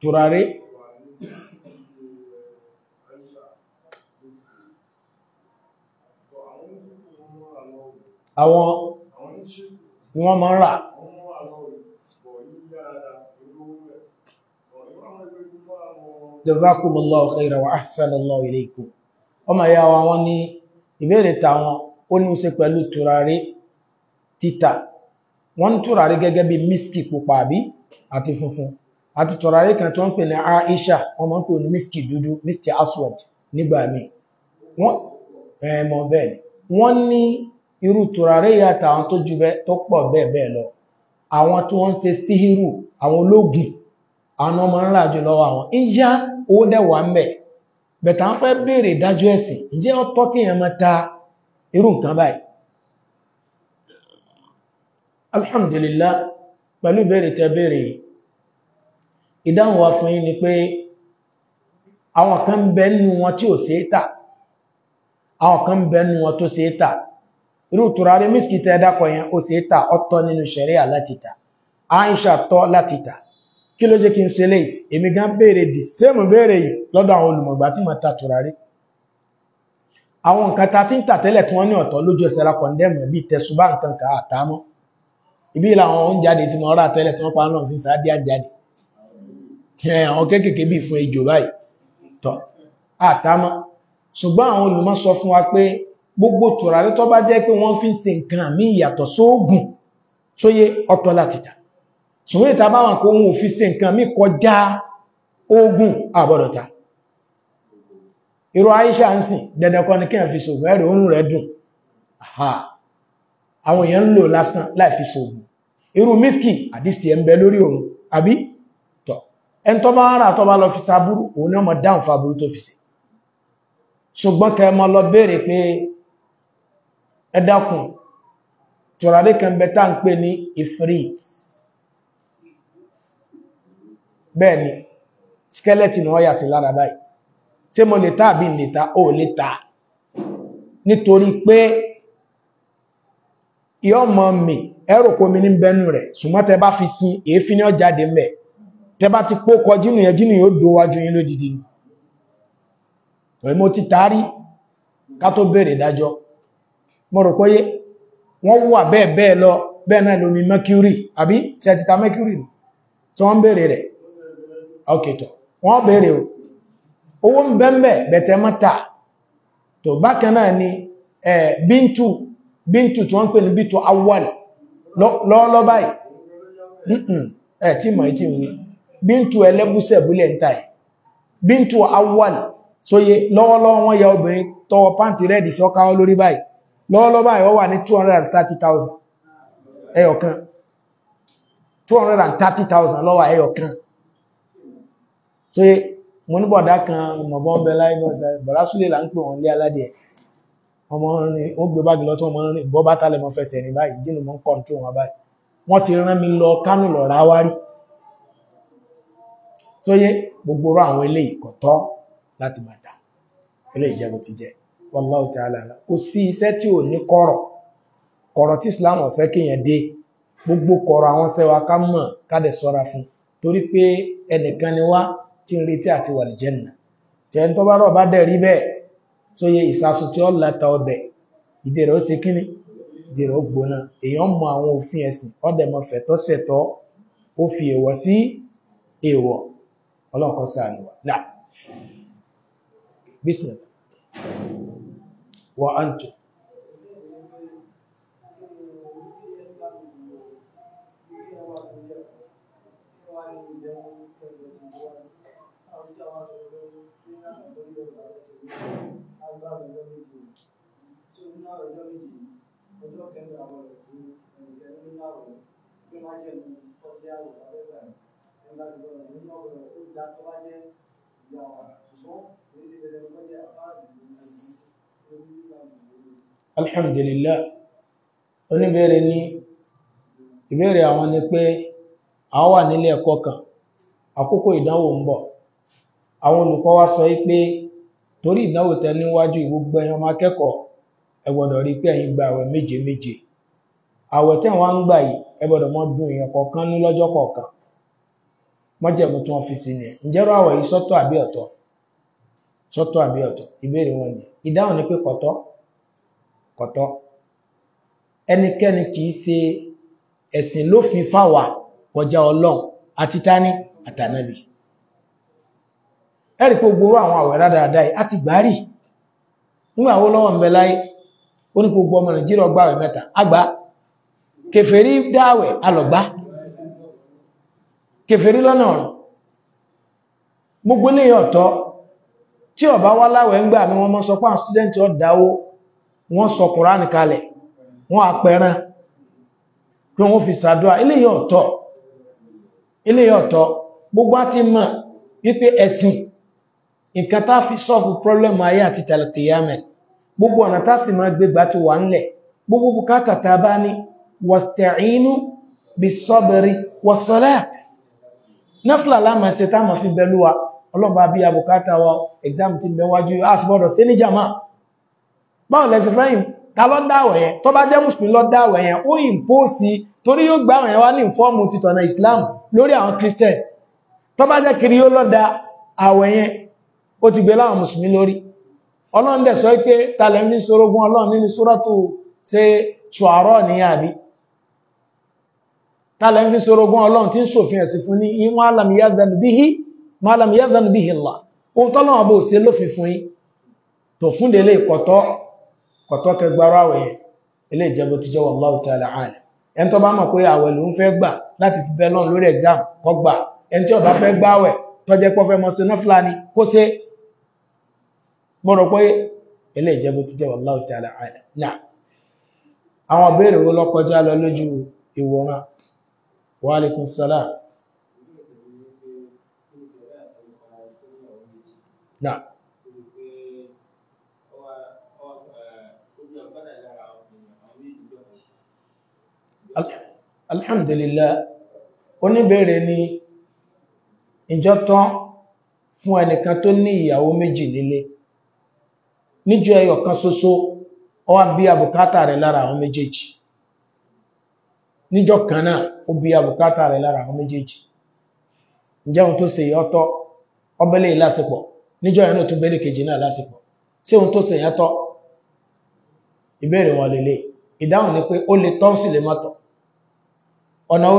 S1: tùràrí àwọn ni wọ́n máa ń rà jazakumullahu khairan wa ahsanallahu ilaykum ọmọ ìyá wa wọ́n ní ìbéèrè tàwọn ó ní ṣe pẹ̀lú tùràrí títà wọ́n ń tùràrí gẹ́gẹ́ bí miski pupa àbí àti funfun àti tùràrí kan tó ń pè ní Aisha mọ miski dúdú miski aswad nígbà míì wọ́n ẹ̀mọ̀ ni, wọ́n ní irú tùràrí ya àwọn tó jù bẹ́ẹ̀ tó pọ̀ bẹ́ẹ̀ bẹ́ẹ̀ lọ àwọn tó wọn ṣe àwọn ológun àwọn owó ń bẹ̀tà ń béèrè alhamdulillah pẹ̀lú ìbẹ̀rẹ̀ tẹ́bẹ̀rẹ̀ ìdáhùn wa fún yín ni pé àwọn kan ń bẹ nínú wọn tí ò ṣe é tà àwọn kan ń bẹ nínú wọn tó ṣe é tà irú tùràrí miski tẹ́ dákọ̀ yẹn ó ṣe é tà ọ̀tọ̀ nínú ṣẹ̀ríà láti tà Aisha tọ́ láti tà kí àwọn nǹkan ta ti ń tà tí wọ́n ní ọ̀tọ̀ lójú ẹsẹ̀ la bí tẹ̀sùbá nǹkan kà á ibi làwọn oúnjáde tí wọ́n rà tẹ́lẹ̀ tí wọ́n pa náà sí sáàdì àjáde àwọn kéékèèké bí fún ejò báyìí tọ́ àtàmọ́ ṣùgbọ́n àwọn olùmọ̀ sọ fún wa pé gbogbo tùràrí tó bá jẹ́ pé wọ́n fi ń ṣe nǹkan àmì ìyàtọ̀ sóògùn sóyé ọ̀tọ̀ láti tà ṣùgbọ́n ìta bá wọn kó wọn ò fi ṣe nǹkan àmì kọjá ogun àbọ̀dọ̀ta irú Aisha ń sìn dandan kọ́ ni kí n fi ṣògùn ẹ̀rọ oorun rẹ̀ dùn àwọn èèyàn ń lò lásán láì fi irú miski àdísì ẹ̀ ń bẹ lórí òun àbí tọ̀ ẹn tó bá rà tó bá lọ fi sàbúrú òun náà mọ̀ dáhùn fàbúrú tó fi ṣe ṣùgbọ́n kẹ mọ́ lọ béèrè pé ẹ dákun kan bẹ tá ń pè ní ifrit bẹ́ẹ̀ni skeleton wọ́n yà sí lára báyìí ṣé mo lè ta àbí lè ta ó lè ta nítorí pé yọ́ mọ́ mi ẹ̀rọ pomi ní bẹnu rẹ̀ ṣùgbọ́n tẹ bá fi sin èéfín ní ọjáde mẹ́ tẹ bá ti pó kọ jínú yẹn jínú yóò dówájú yín lódìdí ni pẹ̀lú mo ti taari ká tó bẹ̀rẹ̀ ìdájọ́ mo rò pé wọ́n wà bẹ́ẹ̀ bẹ́ẹ̀ lọ bẹ́ẹ̀ náà lómi mercury àbí sẹ́tìta mercury tí wọ́n bẹ̀rẹ̀ rẹ̀ ọkẹ̀tọ̀ wọ́n bẹ̀rẹ̀ o owó ń bẹ́ẹ̀ bẹ̀tẹ̀ mọ́ta tó bákan náà ni bíntù bíntù tí wọ́n pè ní bíntù awwal lọ́ọ́lọ́ báyìí ẹ̀ tí mọ̀ ìtì wí bíntù ẹlẹ́bùsẹ̀ búlẹ̀ ń tàì bíntù awwal sóye lọ́ọ́lọ́ wọ́n ya obìnrin tọwọ pàǹtì rẹ́ẹ̀dì sí ọkáwọ́ lórí báyìí lọ́ọ́lọ́ báyìí ó wà ní 230,000 ẹyọkan 230,000 lọ́wà ẹyọkan sóye mo níbọ̀dá kan mọ̀bọ́n bẹ láìbọ̀sẹ̀ bọ̀lásúlè là ń pè wọ́n lé aládìẹ̀ ọmọ rìn ó gbé báàgì lọ tí wọ́n mọ́ rìn bọ́ bá tálẹ̀ mọ́ fẹsẹ̀ rìn báyìí jínu mọ́ ń kọ́ńtù wọn báyìí wọ́n ti rán mi lọ Kánò lọ ráwárí tó yé gbogbo rọ àwọn ilé ìkọ̀tọ́ láti máa ilé ìjẹ́bù ti jẹ́ wallahu ta'ala kò sí iṣẹ́ tí ò ní kọ̀rọ̀ kọ̀rọ̀ tí Islam ọ̀fẹ́ kéèyàn dé gbogbo kọ̀rọ̀ àwọn sẹ́wà ká mọ̀ kádẹ̀ sọ́ra fún torí pé ẹnìkan tó yẹ ìsásùn tí ó lẹ́ta ọbẹ̀ ìdè rẹ̀ ó ṣe kíní ìdè rẹ̀ ó gbóná èèyàn mọ àwọn òfin ẹ̀sìn ọdẹ mọ fẹ̀tọ́ sẹ̀tọ́ ó fi èèwọ̀ sí èèwọ̀ ọlọ́kọ̀ sàánúwà náà bísmìlá wa antum àrò ọjọ́ méjì ọjọ́ kẹrin àwọn rẹ̀ ti ẹnìkẹ́ ní àrò rẹ̀ bí wọ́n jẹ́ ní ọdí àrò abẹ́gbà rẹ̀ ẹ̀ńdà ti lọ oníbẹ̀rẹ̀ ní ìbéèrè àwọn ni pé àwọn wà nílé ẹ̀kọ́ kan àkókò ìdánwò ń bọ̀ àwọn olùkọ́ wá sọ wípé torí ìdánwò tẹ́ níwájú ìgbogbo ẹ̀yàn máa ẹ gbọ́dọ̀ rí pé ẹyin gba àwẹ méje méje àwẹ̀ tẹ́ wọ́n ń gbà yìí dùn ní lọ́jọ́ kọ̀ọ̀kan mọ́jẹ̀mú tí fi sí ni ǹjẹ́rọ àwẹ̀ yìí sọ́tọ̀ àbí ọ̀tọ̀ sọ́tọ̀ àbí ìbéèrè wọn ni ìdáhùn ni pé kì í ṣe fáwà kọjá àti pé gbogbo àwọn ó ní gbogbo ọmọ nàìjíríà gbàwẹ̀ mẹ́ta àgbà kèfèrí dáwẹ̀ alọ̀gbá kèfèrí lọ́nà ọ̀rọ̀ gbogbo ní ọ̀tọ́ tí ó bá wá láwẹ̀ ń gbà mí wọ́n mọ́ sọ pán student ọ dáwó wọ́n sọ kùránì kalẹ̀ wọ́n apẹran pé wọ́n fi sàdúrà ilé ọ̀tọ́ ilé gbogbo á ti mọ̀ wípé ẹ̀sìn nǹkan tá fi solve problem ayé àti tàlẹ̀kìyàmẹ̀ gbogbo ọ̀nà tásì máa gbégbà ti wà ńlẹ̀ gbogbo bukata ta bá ní wasta'inu bis-sabri was-salat náfìlà láàmà ṣe táàmà fi bẹ̀lúwa ọlọ́bàá bí abùkátà wa exam ti bẹ̀ wájú àtibọ́dọ̀ sí ní jama báwọn lẹ́sì fẹ́yìn ta lọ dáwẹ̀ yẹn tó bá jẹ́ mùsùlùmí lọ dáwẹ̀ ó ti gbé láwọn mùsùlùmí lórí ọlọ́run dẹ̀ sọ pé tàlẹ̀ ní sọ́rọ̀gún ọlọ́run nínú sọ́rọ̀tù ṣe ṣùárọ̀ ní àbí tàlẹ̀ ní sọ́rọ̀gún ọlọ́run tí ń ṣòfin ẹ̀sì fún ní malam yadhan bihi malam yadhan bihi Allah ohun tọ́lọ́run bó ṣe lófin fún yín tó fún délé kọ̀tọ́ kọ̀tọ́ kẹgbàrá àwẹ̀ ilé ìjẹ́bó ti jẹ́ wallahu ló fi bẹ́lọ́n lórí exam kó gbà ẹn tí ó bá fẹ́ gbàwẹ̀ tó jẹ́ pọ́fẹ́ mo rò pé ilé ìjẹ́bú ti jẹ́ wallahu ta'ala àìdà náà kọjá lọ alhamdulillah oníbèèrè ni ìjọ tán fún ẹnìkan tó ní ìyàwó méjì nílé níjọ ẹyọ kan ṣoṣo ó wá bí abùkátà rẹ̀ lára àwọn méjèèjì níjọ kan náà ó bí abùkátà rẹ̀ lára àwọn méjèèjì ǹjẹ́ ohun tó ṣe yọ́tọ́ ọbẹ̀lẹ̀ lásìpọ̀ níjọ ẹ̀nà tó bẹ̀lẹ̀ kejì náà lásìpọ̀ sí ohun tó wọn ìdáhùn ni pé ó tọ́ sí lè mọ́tọ̀ ọ̀nà ó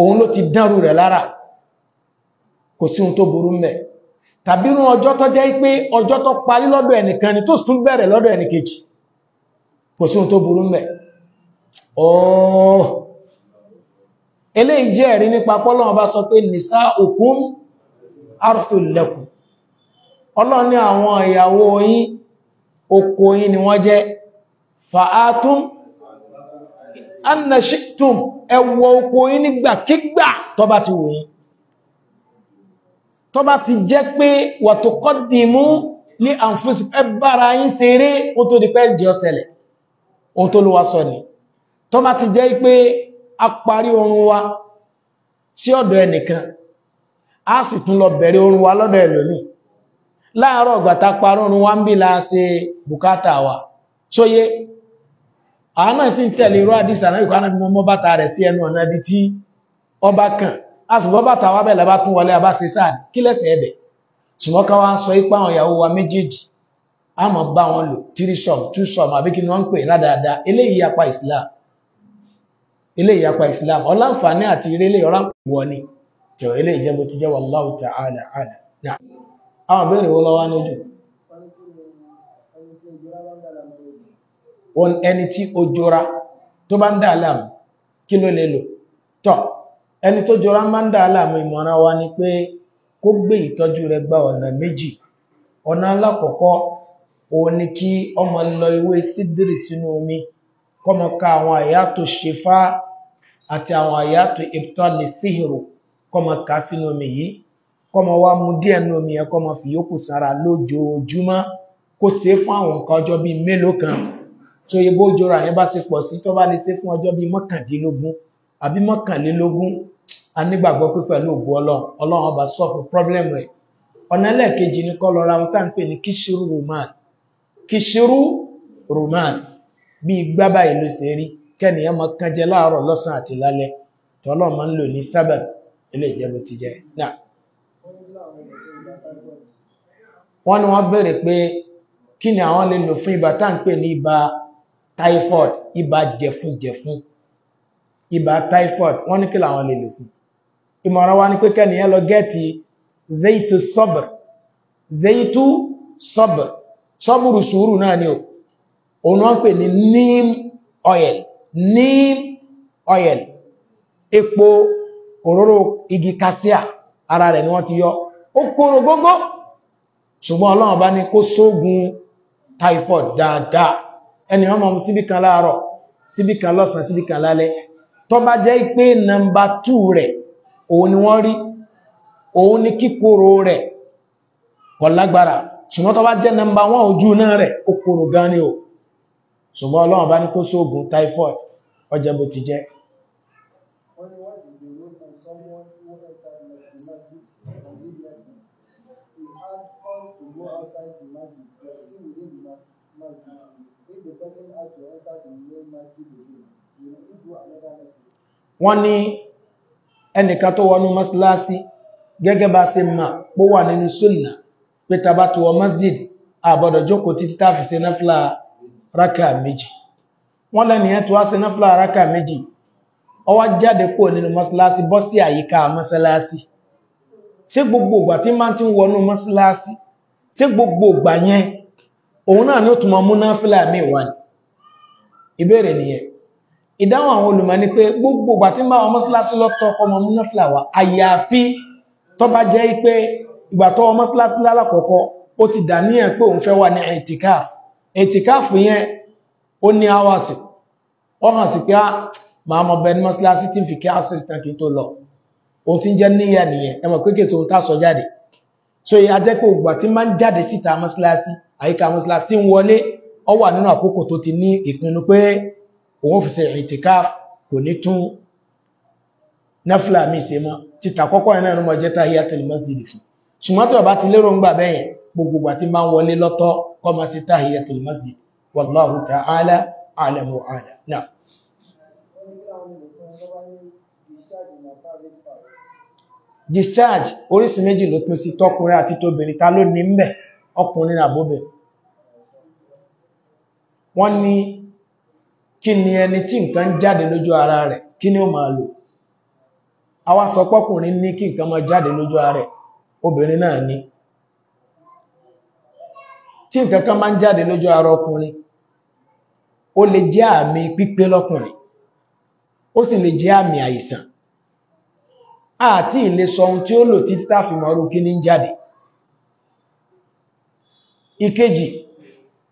S1: òun ló ti dánrù rẹ̀ lára kò sí ohun tó burú mẹ́ tàbí rún ọjọ́ tó jẹ́ pé ọjọ́ tó parí lọ́dọ̀ ẹnìkan ni tó tún bẹ̀rẹ̀ lọ́dọ̀ ẹnìkejì kò sí ohun tó burú mẹ́ ọ̀ọ́ eléyìí jẹ́ ẹ̀rí nípa pọ́lọ́wọ́n bá sọ pé nìsá òkun arthur lẹ́kùn annashitum ẹwọ oko yín nígbàkígbà tó bá ti wù yín tó bá ti jẹ́ pé wa tuqaddimu li anfusikum ẹbára yín ṣeré o tó di pẹ́ jẹ́ ọ̀sẹ̀lẹ̀ o tó lówá sọ ni tó bá ti jẹ́ pé a parí orun wa sí ọ̀dọ̀ ẹnìkan a sì tún lọ bẹ̀rẹ̀ orun wa lọ́dọ̀ ẹlòmíì láàárọ̀ ọ̀gbàtà parọ́ orun wa ń bí la ṣe bùkátà wa sóyé so àwọn náà sì ń tẹ̀lé irú àdìsí ànábì kan náà mọ́ bàtà rẹ̀ sí ẹnu ọ̀nà ibi tí ọba kàn a sì bọ́ bàtà wa bẹ̀rẹ̀ tún wọlé abá ṣe sáà kí lẹ́sẹ̀ ẹ̀bẹ̀ ṣùgbọ́n ká wá sọ ipá àwọn ìyàwó wa méjèèjì a mọ̀ bá wọn lò three sum two sum àbí kí ni wọ́n ń pè ládàáda eléyìí apá Islam eléyìí apá Islam ọláǹfààní àti ìrẹ́lẹ̀ ọ̀rá wọ ni tẹ̀wọ̀ eléyìí ta'ala àlà náà àwọn ìbéèrè wo ẹni tí ó jọra tó bá ń dà láàmú kí ló lè lò tọ́ ẹni tó jọra máa ń dà ìmọ̀ràn wa ni pé kó gbé ìtọ́jú rẹ gba ọ̀nà méjì ọ̀nà alákọ̀ọ́kọ́ òun ni kí ọmọ lọ ewé sídìrì sínú omi ka àwọn tó ṣe fá àti àwọn tó omi yìí mu díẹ̀ nínú omi yẹn fún àwọn nǹkan ọjọ́ kan tó yẹ bó jọra yẹn bá ṣe pọ̀ sí tó bá lè ṣe fún ọjọ́ bíi mọ́kàndínlógún àbí mọ́kànlélógún a nígbàgbọ́ pé pẹ̀lú ògbó ọlọ́run ọlọ́run ọba sọ́ọ̀fù pọ́blẹ́mù ẹ̀ ọ̀nà ẹlẹ́ẹ̀kejì ni kọ́ lọ́ra ohun tá ń pè ní kíṣirú roman kíṣirú roman bí igbá báyìí ló ṣe rí kẹ́nìyàn máa kán jẹ láàárọ̀ lọ́sàn-án àti lálẹ́ tọ́lọ́ máa ń lò ní typhoid ibà jẹfun jẹfun ibà typhoid wọ́n ní kí làwọn lè lò fún ìmọ̀ràn wa ni pé kẹ́niyàn lọ gẹ́ẹ̀tì zeitu sọ́br zeitu sọ́br sọ́bùrù sùúrù náà ni òun wọ́n pè ní neem oil neem oil epo òróró igi kasia ara rẹ̀ ni wọ́n ti yọ ó kóró gógó ṣùgbọ́n ọlọ́run bá ní kó sógun typhoid dáadáa ẹni wọ́n máa mú síbí kan láàárọ̀ síbí kan lọ́sàn síbí kan lálẹ́ tó bá jẹ́ pé nọmbà 2 rẹ̀ òun ni wọ́n rí òun ni kíkorò rẹ̀ kò ṣùgbọ́n tó bá jẹ́ nọmbà 1 ojú náà rẹ̀ ó gan ni o ṣùgbọ́n ọlọ́run bá ní kó sóògùn typhoid ọjẹ́ bó ti jẹ́ wọ́n ní ẹnìkan tó wọnú masláàsí gẹ́gẹ́ bá ṣe ma pó wà nínú sunna pé tàbá tó wọ masjid àbọ̀dọ̀ jókòó títí tàfi ṣe náfìlà rákà méjì wọ́n lẹ́nìyàn tó wá ṣe náfìlà rákà méjì ó wá jáde kó nínú masláàsí bọ́ sí àyíká masláàsí mi wà ìbéèrè nìyẹn ìdáhùn àwọn olùmọ̀ ni pé gbogbo ìgbà tí máa mọ́síláṣí lọ́tọ́ ọkọ̀ ọmọ múnáfìlàwà àyàfi tó bá jẹ́ pé ìgbà tó mọ́síláṣí lálákọ̀ọ́kọ́ ó ti dà ní ẹ̀ pé òun fẹ́ wà ní etikaf etikaf yẹn ó ní áwàsì ó hàn sí pé ah, á máa mọ bẹni mọ́síláṣí tí ń fi kí so ìyá jẹ́ pé ògbà tí máa ń jáde síta ọ wà nínú àkókò tó ti ní ìpinnu pé òun fi ṣe kò ní tún náfìlà mi ṣe mọ́ títà kọ́kọ́ iná ẹnu mọ̀ jẹ́ masjid fún ṣùgbọ́n bá ti lérò ń gbà bẹ́yẹn gbogbo àti máa ń wọlé lọ́tọ̀ masjid wallahu ta'ala a'lamu ala discharge méjì ló pín wọ́n ní kí ni ẹni tí nǹkan jáde lójú ara rẹ̀ kí ni ó máa lò àwa sọ pọ́kùnrin ní kí nǹkan máa jáde lójú ara rẹ̀ obìnrin náà ní tí nǹkan kan máa ń jáde lójú ara ọkùnrin ó lè jẹ́ àmì pípé lọ́kùnrin ó sì lè jẹ́ àmì àìsàn àti ìlè sọ ohun tí ó lò títí tá fi kí ni ní jáde ìkejì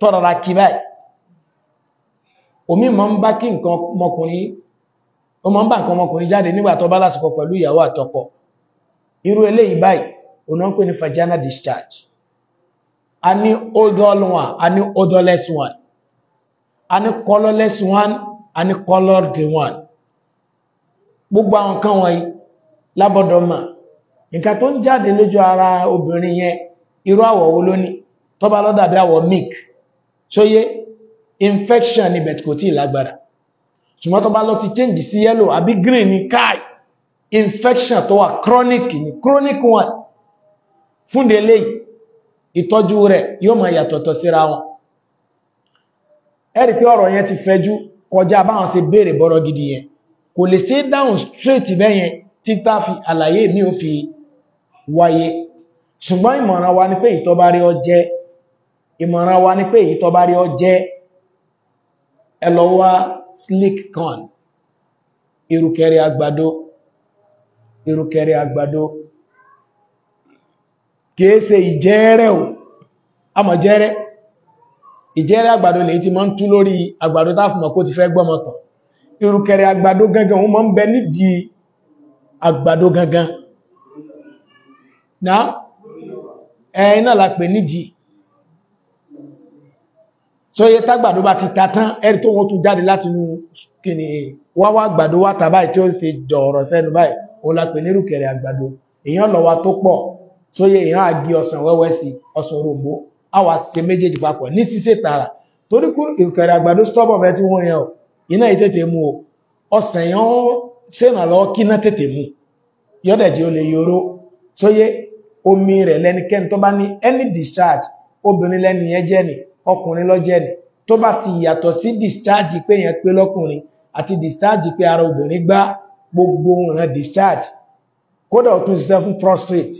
S1: tọ́rọra kí báyìí omi mọ́ ń bá nǹkan ọmọkùnrin o mọ́ ń bá nǹkan ọmọkùnrin jáde nígbà tó bá lásìkò pẹ̀lú ìyàwó àtọkọ irú eléyìí báyìí òun ń pè ní vaginal discharge a ní odol one a ní odorless one a ní colorless one a ní colored one gbogbo àwọn nǹkan wọ̀nyí lábọ́dọ̀ mà nǹkan tó ń jáde lójú ara obìnrin yẹn irú àwọ̀ wo ló ní àwọ̀ milk ṣóyé infection ni bẹ̀tì kò tí lágbára ṣùgbọ́n tó bá lọ ti change sí yellow àbí green ní káì infection tó wà chronic ni chronic one fúnde eléyìí ìtọ́jú rẹ̀ yóò máa yàtọ̀tọ̀ síra wọn ẹ rí pé ọ̀rọ̀ yẹn ti fẹjú kọjá báwọn ṣe béèrè bọ́rọ̀ gidi yẹn kò lè ṣe dáhùn straight bẹ́yẹn títà fi àlàyé mi ò fi wáyé ṣùgbọ́n ìmọ̀ràn wa ni pé ìtọ́bárí ọ jẹ́ ìmọ̀ràn wa ní pé èyí tó bá rí ọ jẹ́ ẹlọ́wà slick corn irukẹrẹ àgbàdo irukẹrẹ àgbàdo kèése ìjẹ́rẹ́ ò àmọ́ jẹ́rẹ́ ìjẹ́rẹ́ àgbàdo lè ti máa ń tú lórí àgbàdo táfùmọ̀ kó ti fẹ́ gbọ́mọ̀pọ̀ irukẹrẹ àgbàdo gangan wọ́n máa ń bẹ nídìí àgbàdo gangan náà ẹ̀yìn náà la nídìí tó yẹ tágbàdó bá ti tatán ẹni tó wọ́n tún jáde láti inú kìnnì wá wá àgbàdo wá tà báyìí tí ó ń ṣe dọ̀ọ̀rọ̀ sẹ́nu báyìí ó lápẹ̀ ní rùkẹ̀rẹ̀ àgbàdo èèyàn lọ wa tó pọ̀ tó yẹ èèyàn àgé ọsàn wẹ́wẹ́ sí ọsàn òròmbó á wá ṣe méjèèjì papọ̀ ní ṣíṣe tààrà torí kú ìrùkẹ̀rẹ̀ àgbàdo any discharge obìnrin lẹ́ni yẹn ni ọkùnrin lọ́jẹ́rìí tó bá ti yàtọ̀ sí discharge pé yẹn pé lọ́kùnrin àti discharge pé ara obìnrin gbá gbogbo ìran discharge kódà ó tún ṣiṣẹ́ fún prostrate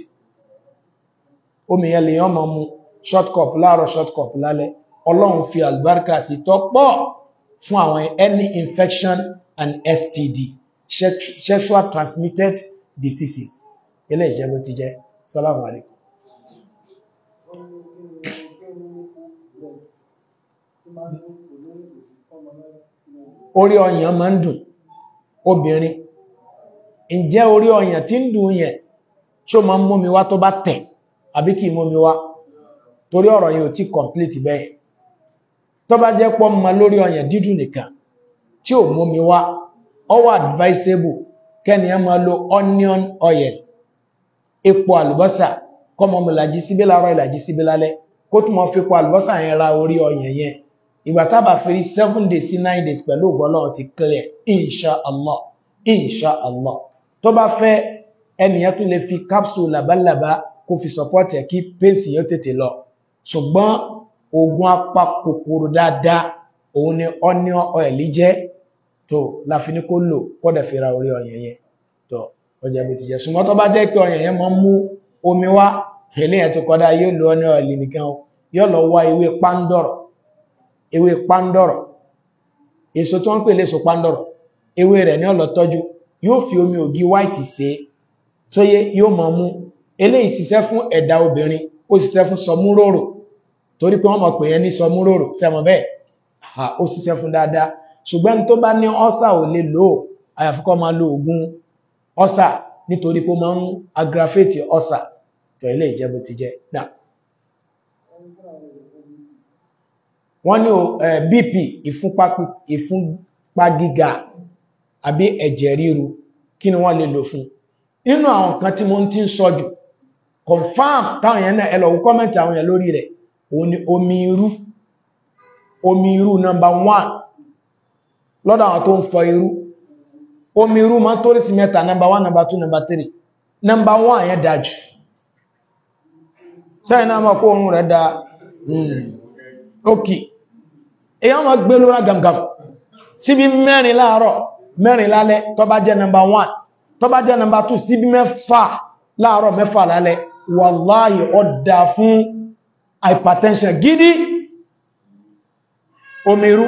S1: omi yẹn lèyàn máa mu short cup láàárọ̀ short cup lálẹ́ ọlọ́run fi àlùbáríkà sí tọ́pọ̀ fún àwọn any infection and STD sexual transmitted diseases eléyìí jẹ́ bó ti jẹ́ salamu alaykum. orí ọyàn máa ń dùn obìnrin ǹjẹ́ orí ọyàn tí ń dùn yẹn tí ó máa ń mú mi wá tó bá tẹ̀ àbí kìí mú mi wá torí ọ̀rọ̀ yẹn ò tí complete bẹ́ẹ̀ tó bá jẹ́ pọ́ mọ lórí ọyàn dídùn nìkan tí ò mú mi wá ó advisable kẹ́ni ẹ máa lo onion oil epo àlùbọ́sà kọ́mọ mọ̀ làjí síbí láàárọ̀ ìlàjí síbí lálẹ́ kó tún mọ́ fi po àlùbọ́sà yẹn ra orí ọyàn yẹn ìgbà tábà fèrí 7 days sí 9 days pẹ̀lú ògbọ́lọ́ ti clear inshallah inshallah tó bá fẹ́ ẹnìyàn tó lè fi capsule labalábá kó fi support ẹ̀ kí pace yẹn tètè lọ ṣùgbọ́n oògùn apakòkòrò dáadáa òun ni onion oil jẹ́ tó láfi ní kó lò kọ́dẹ̀ fi ra orí ọyàn yẹn tó ọjà bí ti jẹ́ ṣùgbọ́n tó bá jẹ́ pé ọyàn yẹn mọ́ mú omi wá eléyàn tó kọ́dá yóò lo onion oil nìkan yóò lọ wá ewé pándọ̀rọ̀ ewé pandoro èso tí wọ́n pè léso pandoro ewé rẹ̀ ní ọlọ́tọ́jú yóò fi omi ògì white ṣe tóyé yóò mọ̀ mú eléyìí ṣiṣẹ́ fún ẹ̀dà obìnrin ó ṣiṣẹ́ fún sọmúróró torí pé wọ́n mọ̀ pè yẹn ní sọmúróró sẹ́mọ̀ bẹ́ẹ̀ ó ṣiṣẹ́ fún dáadáa ṣùgbọ́n tó bá ní ọ́sà ò lè lò àyàfi kó máa lo oògùn ọ́sà nítorí pé ó máa ń aggravate ọ́sà tó ilé ìjẹ́bù ti jẹ́ náà wọ́n ní BP ìfúnpá gíga àbí ẹ̀jẹ̀ ríru kí ni wọ́n lè lò fún àwọn kan tí mo ti ń sọ confam táwọn yẹn náà ẹlọ́wọ́ kọ́mẹ̀ntì àwọn yẹn lórí rẹ̀ omi irú number one lọ́dọ̀ àwọn tó ń fọ irú omi irú ma tó rí sí mẹ́ta number one number two number three number one yẹn dájú sẹ́yìn náà mọ̀ pé rẹ̀ da hmm. ok èyàn ma gbé lóra gàmgàm síbi mẹ́rin láàárọ̀ mẹ́rin lálẹ́ tó bá jẹ́ nọmbà 1 tó bá jẹ́ nọmbà 2 síbi mẹ́fà láàárọ̀ mẹ́fà lálẹ́ wàláhì ọ̀dà fún hypertension gidi omiru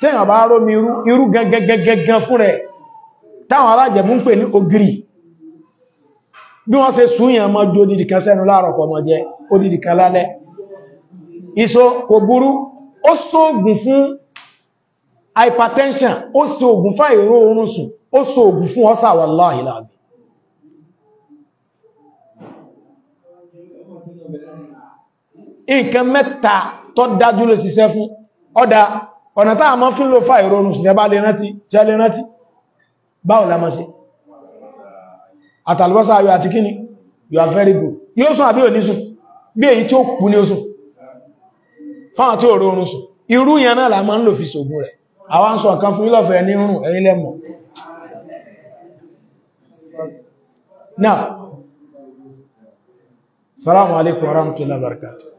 S1: tẹ́yàn bá rómi irú irú gangan fún rẹ̀ táwọn alájẹ̀mú ń pè ní ogiri bí wọ́n ṣe súnyàn mọ́ jó dìdìkan sẹ́nu láàárọ̀ kọ̀ mọ́ jẹ́ ó dìdìkan lálẹ́ iso kò burú ó sóògùn fún hypertension ó sóògùn fún àìró oorun sùn ó sóògùn fún ọ́sà wallahi láàbí nǹkan mẹ́ta tó dájú ló ṣiṣẹ́ fún ọ̀dá ọ̀nà táà mọ́ fi ń lo fàìró oorun sùn jẹba lè lè rántí you are very good yóò sùn àbí ò ní sùn bí èyí tí ó kú ní ó fáwọn tí ò rọrùn sùn irú yẹn náà la máa ń lò fi ṣògùn rẹ̀ àwọn ń sọ nǹkan fún ilọ́fẹ́ ní rùn ẹ̀yin lẹ́mọ̀ náà salamu alaikum warahmatullahi wabarakatuh